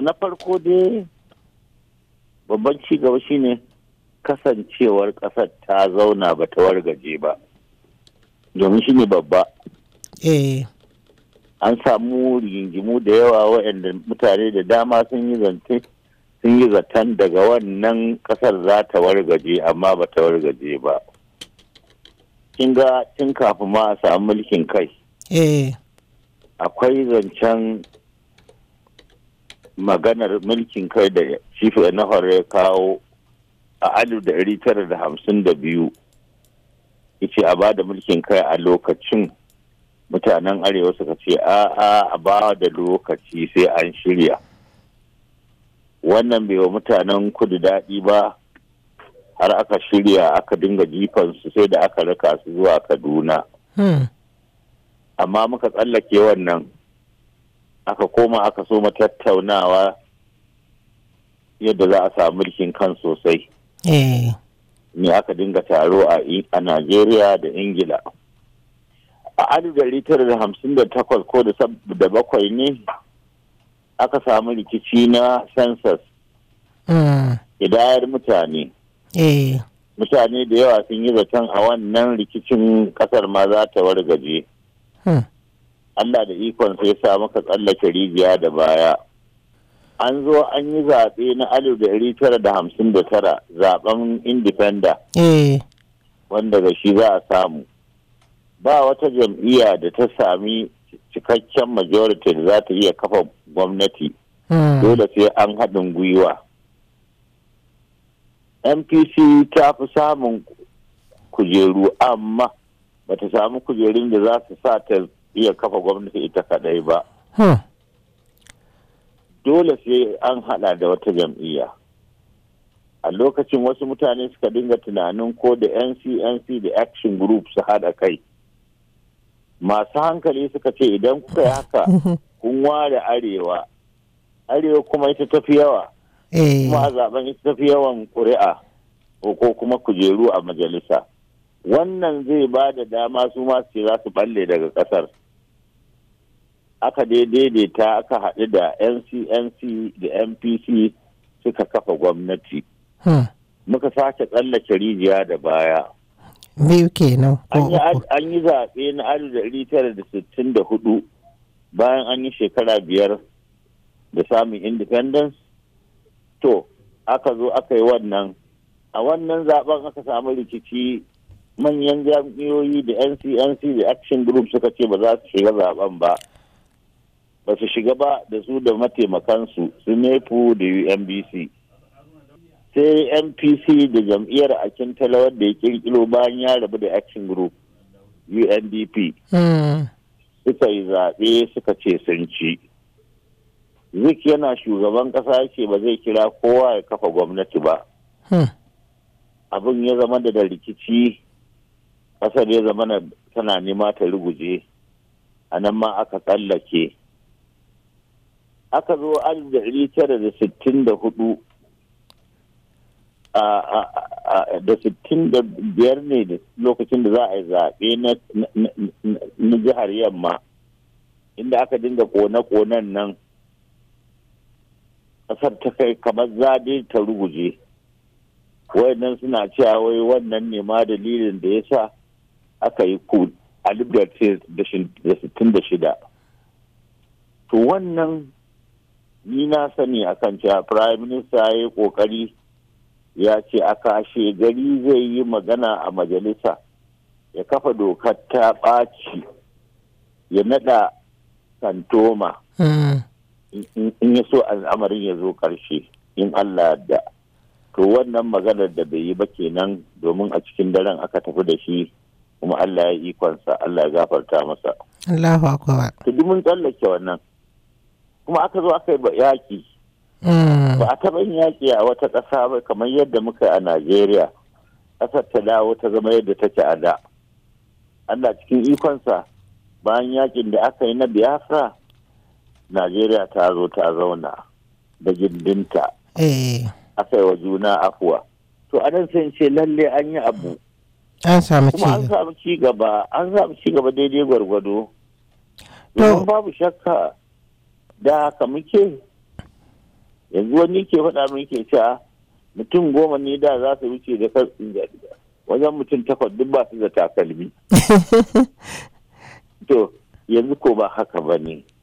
na farko dai babban cigaba shine kasancewar ƙasar ta zauna ba ta wargaje ba domin shine babba eh. an samu rigingimu da yawa waɗanda mutane da dama sun yi zance sun yi zaton daga wannan ƙasar za ta wargaje amma ba ta wargaje ba kin ga tun kafin ma a samu mulkin kai eh. akwai zancen maganar mulkin kai da shifu na ya kawo a alif da ɗari tara da hamsin da biyu yace a bada mulkin kai a lokacin mutanen arewa suka ce a a a ba da lokaci sai an shirya wannan bai wa mutanen kudu daɗi ba har aka shirya aka dinga jifansu sai da aka raka su zuwa kaduna hmm. amma muka tsallake wannan aka koma aka so tattaunawa yadda za a samu mulkin kan sosai ne eh. aka dinga taro a Najeriya da Ingila a da hamsin da takwas ko da bakwai ne aka samu rikici na census hmm. idayar mutane eh. mutane da yawa sun yi zaton a wannan rikicin kasar ma za ta wargaje. Hmm. Allah da ikon sai sa maka tsallake rijiya da baya an zo an yi zaɓe na alif da ɗari tara da hamsin da tara zaɓen indifenda eh. wanda ga shi za a samu ba wata jam'iyya da ta sami cikakken majority da za ta iya kafa gwamnati hmm. dole sai an haɗin gwiwa mpc ta fi samun kujeru amma bata samu kujerun da za su sa ta iya kafa gwamnati ita kadai ba dole sai an hada da wata jam'iyya a lokacin wasu mutane suka dinga tunanin ko da ncnc da action group su hada kai masu hankali suka ce idan kuka yi haka kun ware arewa arewa kuma ita tafi yawa eh. kuma a zaben ita tafi yawan kuri'a ko kuma kujeru a majalisa wannan zai ba da dama su masu za su balle daga ƙasar aka daidaita aka haɗu da ncnc da mpc suka kafa gwamnati hmm. muka sake tsallake rijiya da baya biyu an yi zaɓe na da sittin bayan an yi shekara biyar da samun independence to aka zo aka yi wannan a wannan zaben aka samu rikici manyan jami'oyi da ncnc da action group suka ce ba za su shiga zaben ba ba su shiga ba da su da mataimakansu su nefu da unbc sai mpc da jam'iyyar akin talawar da ya kirkiro bayan ya rabu da action group undp hmm. suka yi zaɓe suka ce sun ci zik yana shugaban ƙasa ce ba zai kira kowa ya kafa gwamnati ba hmm. abin ya zama da da rikici ƙasar ya zama tana nema ta ruguje a nan ma aka tsallake aka zo alif da tara da sittin da hudu da sittin da biyar ne lokacin da za a yi zaɓe na jihar yamma inda aka dinga kone-konen nan ƙasar ta kai kamar zaɓe ta ruguje wayannan suna cewa wai wannan ne ma dalilin da ya sa aka yi ku alif da sittin da shida to wannan ni na sani a akan cewa prime minister ya yi kokari ya ce a kashe gari zai yi magana a majalisa ya kafa dokar ta ɓaci ya nada santoma hmm. in ya so al'amarin ya zo ƙarshe in allah da to wannan maganar da bai yi ba kenan domin a cikin daren aka tafi da shi kuma allah ya ikonsa allah ya gafarta masa Allahu mun tsallake wannan. kuma aka zo aka yi ba yaƙi hmm. ba a taɓa yin yaƙi a wata ƙasa ba kamar yadda muka a najeriya ƙasar ta dawo ta zama yadda take a da allah cikin ikonsa bayan yaƙin da aka yi na biafra najeriya ta zo ta zauna da gindinta eh. aka yi wa juna afuwa to a nan sai ce lalle an yi abu an ci an samu ci gaba an samu ci gaba daidai gwargwado to babu shakka da haka muke yanzu wani ke faɗa min ke cewa mutum goma ne da za su wuce da karfin jarida wajen mutum takwas duk ba su da takalmi to yanzu ko ba haka ba ne